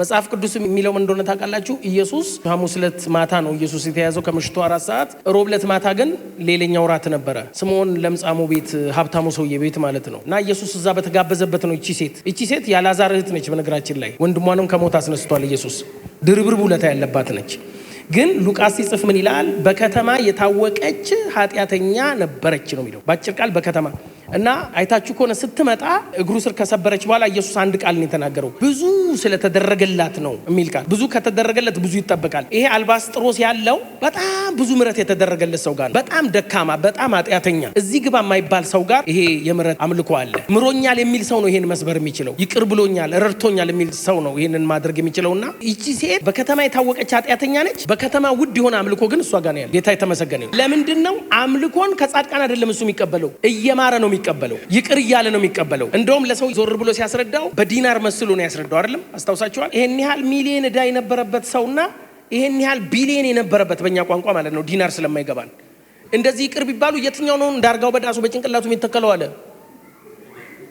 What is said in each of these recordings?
መጽሐፍ ቅዱስ የሚለው ምን እንደሆነ ታውቃላችሁ? ኢየሱስ ሐሙስ ዕለት ማታ ነው ኢየሱስ የተያዘው ከምሽቱ አራት ሰዓት። ሮብ ዕለት ማታ ግን ሌላኛው ውራት ነበረ። ስምዖን ለምጻሙ ቤት፣ ሀብታሙ ሰውዬ ቤት ማለት ነው። እና ኢየሱስ እዛ በተጋበዘበት ነው እቺ ሴት ይቺ ሴት ያላዛር እህት ነች። በነገራችን ላይ ወንድሟንም ከሞት አስነስቷል ኢየሱስ። ድርብርብ ውለታ ያለባት ነች። ግን ሉቃስ ሲጽፍ ምን ይላል? በከተማ የታወቀች ኃጢአተኛ ነበረች ነው የሚለው። በአጭር ቃል በከተማ እና አይታችሁ ከሆነ ስትመጣ እግሩ ስር ከሰበረች በኋላ ኢየሱስ አንድ ቃል ነው የተናገረው፣ ብዙ ስለተደረገላት ነው የሚል ቃል። ብዙ ከተደረገለት ብዙ ይጠበቃል። ይሄ አልባስጥሮስ ያለው በጣም ብዙ ምረት የተደረገለት ሰው ጋር በጣም ደካማ፣ በጣም አጥያተኛ፣ እዚህ ግባ የማይባል ሰው ጋር ይሄ የምረት አምልኮ አለ። ምሮኛል የሚል ሰው ነው ይሄን መስበር የሚችለው። ይቅር ብሎኛል፣ ረድቶኛል የሚል ሰው ነው ይሄንን ማድረግ የሚችለው። እና ይቺ ሴት በከተማ የታወቀች አጥያተኛ ነች። በከተማ ውድ የሆነ አምልኮ ግን እሷ ጋር ነው ያለ። ጌታ የተመሰገነ። ለምንድን ነው አምልኮን ከጻድቃን አይደለም እሱ የሚቀበለው እየማረ ነው የሚቀበለው፣ ይቅር እያለ ነው የሚቀበለው። እንደውም ለሰው ዞር ብሎ ሲያስረዳው በዲናር መስሎ ነው ያስረዳው። አይደለም አስታውሳችኋል? ይሄን ያህል ሚሊየን እዳ የነበረበት ሰውና ይሄን ያህል ቢሊየን የነበረበት በእኛ ቋንቋ ማለት ነው ዲናር ስለማይገባን እንደዚህ ይቅር ቢባሉ የትኛው ነው እንዳርጋው በዳሱ በጭንቅላቱ የሚተከለው አለ።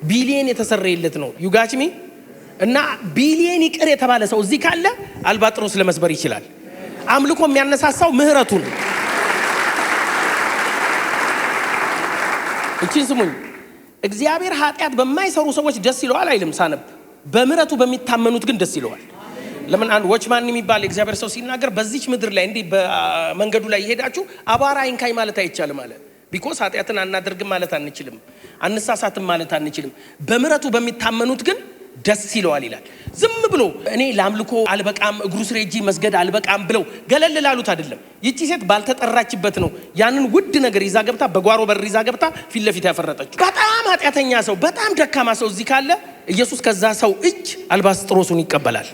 ቢሊየን የተሰረየለት ነው ዩጋችሚ እና ቢሊየን ይቅር የተባለ ሰው እዚህ ካለ አልባጥሮስ ለመስበር ይችላል። አምልኮ የሚያነሳሳው ምህረቱን እቺን ስሙኝ። እግዚአብሔር ኃጢአት በማይሰሩ ሰዎች ደስ ይለዋል አይልም። ሳነብ በምረቱ በሚታመኑት ግን ደስ ይለዋል። ለምን አንድ ወችማን የሚባል የእግዚአብሔር ሰው ሲናገር በዚች ምድር ላይ እንዲህ በመንገዱ ላይ የሄዳችሁ አቧራ አይንካኝ ማለት አይቻልም አለ። ቢኮስ ኃጢአትን አናደርግም ማለት አንችልም፣ አንሳሳትም ማለት አንችልም። በምረቱ በሚታመኑት ግን ደስ ይለዋል ይላል። ዝም ብሎ እኔ ለአምልኮ አልበቃም እግሩ ስር ሄጄ መስገድ አልበቃም ብለው ገለል ላሉት አይደለም። ይቺ ሴት ባልተጠራችበት ነው ያንን ውድ ነገር ይዛ ገብታ፣ በጓሮ በር ይዛ ገብታ ፊት ለፊት ያፈረጠችው። በጣም ኃጢአተኛ ሰው፣ በጣም ደካማ ሰው እዚህ ካለ ኢየሱስ ከዛ ሰው እጅ አልባስጥሮሱን ይቀበላል።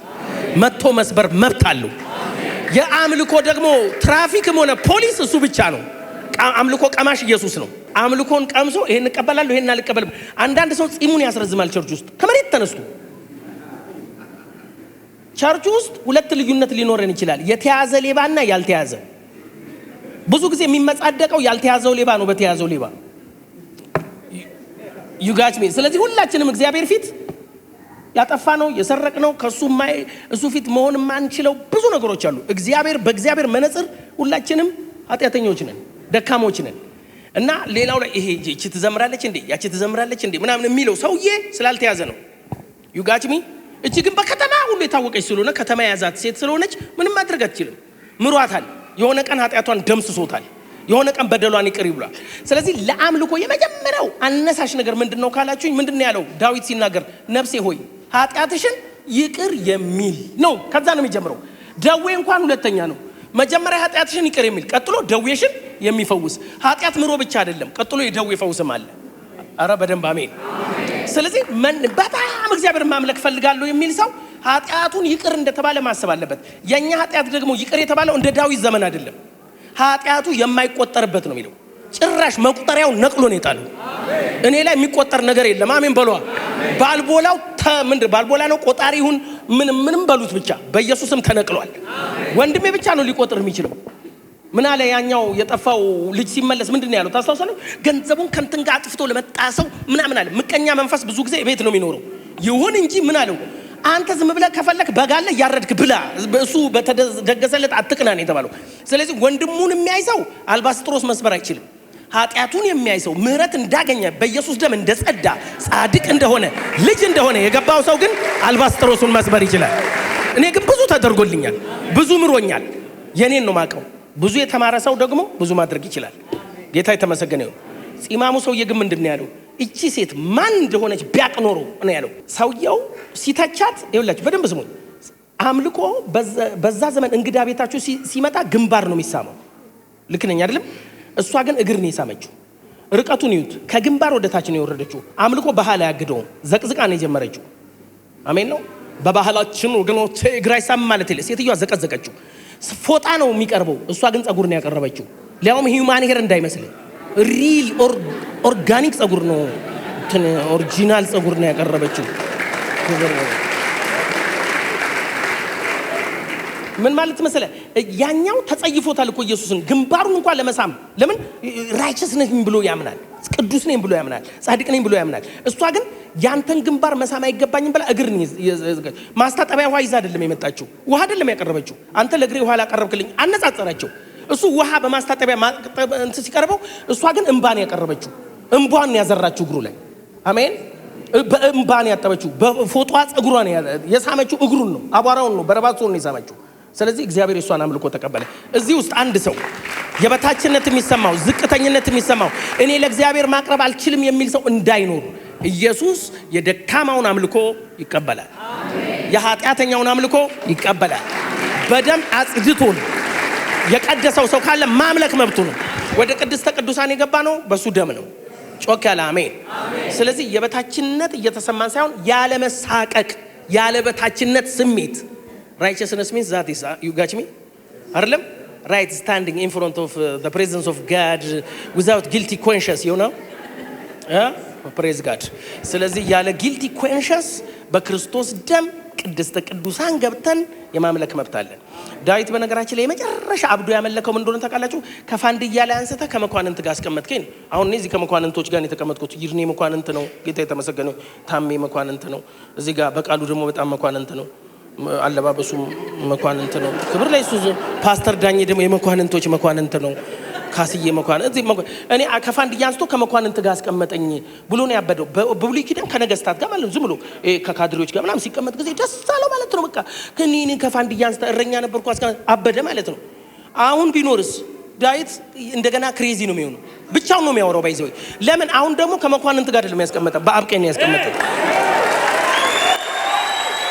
መጥቶ መስበር መብት አለው። የአምልኮ ደግሞ ትራፊክም ሆነ ፖሊስ እሱ ብቻ ነው። አምልኮ ቀማሽ ኢየሱስ ነው። አምልኮን ቀምሶ ይሄን እቀበላለሁ ይሄን አልቀበልም። አንዳንድ ሰው ጺሙን ያስረዝማል ቸርች ውስጥ ተነስቶ ቸርች ውስጥ ሁለት ልዩነት ሊኖረን ይችላል። የተያዘ ሌባና ያልተያዘ። ብዙ ጊዜ የሚመጻደቀው ያልተያዘው ሌባ ነው በተያዘው ሌባ ዩጋች ሜ። ስለዚህ ሁላችንም እግዚአብሔር ፊት ያጠፋ ነው የሰረቅ ነው ከሱ እሱ ፊት መሆን የማንችለው ብዙ ነገሮች አሉ። እግዚአብሔር በእግዚአብሔር መነጽር ሁላችንም ኃጢአተኞች ነን፣ ደካሞች ነን እና ሌላው ላይ ይሄ ይቺ ትዘምራለች እንዴ ያቺ ትዘምራለች እንዴ ምናምን የሚለው ሰውዬ ስላልተያዘ ነው። ዩጋችሚ እቺ ግን በከተማ ሁሉ የታወቀች ስለሆነ ከተማ የያዛት ሴት ስለሆነች ምንም ማድረግ አትችልም። ምሯታል። የሆነ ቀን ኃጢአቷን ደምስሶታል። የሆነ ቀን በደሏን ይቅር ይብሏል። ስለዚህ ለአምልኮ የመጀመሪያው አነሳሽ ነገር ምንድን ነው ካላችሁኝ፣ ምንድን ነው ያለው ዳዊት ሲናገር ነፍሴ ሆይ ኃጢአትሽን ይቅር የሚል ነው። ከዛ ነው የሚጀምረው። ደዌ እንኳን ሁለተኛ ነው። መጀመሪያ ኃጢአትሽን ይቅር የሚል ቀጥሎ ደዌሽን የሚፈውስ ኃጢአት ምሮ ብቻ አይደለም፣ ቀጥሎ የደዌ ፈውስም አለ። አረ በደንብ አሜን። ስለዚህ በጣም እግዚአብሔር ማምለክ ፈልጋለሁ የሚል ሰው ኃጢአቱን ይቅር እንደተባለ ማሰብ አለበት። የእኛ ኃጢአት ደግሞ ይቅር የተባለው እንደ ዳዊት ዘመን አይደለም። ኃጢአቱ የማይቆጠርበት ነው የሚለው ጭራሽ መቁጠሪያው ነቅሎ ነው የጣለው። እኔ ላይ የሚቆጠር ነገር የለም። አሜን በሏ። ባልቦላው ምንድ ባልቦላ ነው ቆጣሪውን ምን ምንም በሉት ብቻ በኢየሱስም ተነቅሏል። ወንድሜ ብቻ ነው ሊቆጥር የሚችለው። ምን አለ ያኛው የጠፋው ልጅ ሲመለስ ምንድን ነው ያለው? ታስታውሳለህ? ገንዘቡን ከንትን ጋር አጥፍቶ ለመጣ ሰው ምናምን አለ። ምቀኛ መንፈስ ብዙ ጊዜ ቤት ነው የሚኖረው። ይሁን እንጂ ምን አለው? አንተ ዝም ብለህ ከፈለክ በጋለ እያረድክ ብላ፣ እሱ በተደገሰለት አጥቅና ነው የተባለው። ስለዚህ ወንድሙን የሚያይ ሰው አልባስጥሮስ መስበር አይችልም። ኃጢአቱን የሚያይሰው ምህረት እንዳገኘ በኢየሱስ ደም እንደጸዳ ጻድቅ እንደሆነ ልጅ እንደሆነ የገባው ሰው ግን አልባስጥሮሱን መስበር ይችላል። እኔ ግን ብዙ ተደርጎልኛል፣ ብዙ ምሮኛል። የኔን ነው ማቀው ብዙ የተማረ ሰው ደግሞ ብዙ ማድረግ ይችላል። ጌታ የተመሰገነ ይሁን። ጺማሙ ሰውዬ ግን ምንድን ነው ያለው? እቺ ሴት ማን እንደሆነች ቢያቅ ኖሮ ነው ያለው። ሰውየው ሲተቻት ይላችሁ በደንብ ስሙ። አምልኮ በዛ ዘመን እንግዳ ቤታችሁ ሲመጣ ግንባር ነው የሚሳመው። ልክ ነኝ አይደለም? እሷ ግን እግር ነው የሳመችው። ርቀቱን ይዩት። ከግንባር ወደ ታች ነው የወረደችው። አምልኮ ባህል አያግደውም። ዘቅዝቃ ነው የጀመረችው። አሜን ነው። በባህላችን ወገኖች እግር አይሳም ማለት የለ። ሴትዮዋ ዘቀዘቀችው። ፎጣ ነው የሚቀርበው። እሷ ግን ፀጉር ነው ያቀረበችው። ሊያውም ሂዩማን ሄር እንዳይመስል ሪል ኦርጋኒክ ፀጉር ነው፣ ኦሪጂናል ፀጉር ነው ያቀረበችው። ምን ማለት መሰለ፣ ያኛው ተጸይፎታል እኮ ኢየሱስን ግንባሩን እንኳን ለመሳም። ለምን ራይቸስ ነኝ ብሎ ያምናል። ቅዱስ ነኝ ብሎ ያምናል፣ ጻድቅ ነኝ ብሎ ያምናል። እሷ ግን ያንተን ግንባር መሳም አይገባኝም ብላ እግር ማስታጠቢያ ውሃ ይዛ አይደለም የመጣችው፣ ውሃ አይደለም ያቀረበችው። አንተ ለእግሬ ውሃ ላቀረብክልኝ አነጻጸራቸው። እሱ ውሃ በማስታጠቢያ እንትን ሲቀርበው፣ እሷ ግን እምባን ያቀረበችው፣ እምቧን ያዘራችው እግሩ ላይ አሜን። በእንባን ያጠበችው፣ በፎጧ ጸጉሯን የሳመችው እግሩን ነው፣ አቧራውን ነው፣ በረባሶን ነው የሳመችው። ስለዚህ እግዚአብሔር የእሷን አምልኮ ተቀበለ። እዚህ ውስጥ አንድ ሰው የበታችነት የሚሰማው ዝቅተኝነት የሚሰማው እኔ ለእግዚአብሔር ማቅረብ አልችልም የሚል ሰው እንዳይኖር ኢየሱስ የደካማውን አምልኮ ይቀበላል። የኃጢአተኛውን አምልኮ ይቀበላል። በደም አጽድቶን የቀደሰው ሰው ካለ ማምለክ መብቱ ነው። ወደ ቅድስተ ቅዱሳን የገባ ነው በሱ ደም ነው። ጮክ ያለ አሜን። ስለዚህ የበታችነት እየተሰማን ሳይሆን ያለመሳቀቅ፣ ያለበታችነት ስሜት ራይቸስነስ ሚንስ ዛት ዩጋችሚ አይደለም right standing in front of uh, the presence of God without guilty conscience, you know? Yeah? Praise God. ስለዚህ ያለ ጊልቲ ኮንሽንስ በክርስቶስ ደም ቅድስተ ቅዱሳን ገብተን የማምለክ መብት አለን። ዳዊት በነገራችን ላይ የመጨረሻ አብዶ ያመለከው ምን እንደሆነ ታውቃላችሁ? ከፋንድያ ላይ አንስተ ከመኳንንት ጋር አስቀመጥከኝ። አሁን እኔ እዚህ ከመኳንንቶች ጋር የተቀመጥኩት ይርኔ መኳንንት ነው። ጌታ የተመሰገነው ታሜ መኳንንት ነው። እዚህ ጋር በቃሉ ደግሞ በጣም መኳንንት ነው። አለባበሱ መኳንንት ነው። ክብር ላይ እሱ ፓስተር ዳኜ ደግሞ የመኳንንቶች መኳንንት ነው። ካስዬ መኳንንት እኔ ከፋንድያ አንስቶ ከመኳንንት ጋር አስቀመጠኝ ብሎ ነው ያበደው። በብሉይ ኪዳን ከነገስታት ጋር ማለት ዝም ብሎ ከካድሬዎች ጋር ምናምን ሲቀመጥ ጊዜ ደስ አለው ማለት ነው። በቃ ከኔኔ ከፋንድያ አንስተ እረኛ ነበርኩ አበደ ማለት ነው። አሁን ቢኖርስ ዳዊት እንደገና ክሬዚ ነው የሚሆነው። ብቻውን ነው የሚያወራው። ባይዘ ለምን አሁን ደግሞ ከመኳንንት ጋር አይደለም ያስቀመጠ፣ በአብቀኝ ነው ያስቀመጠ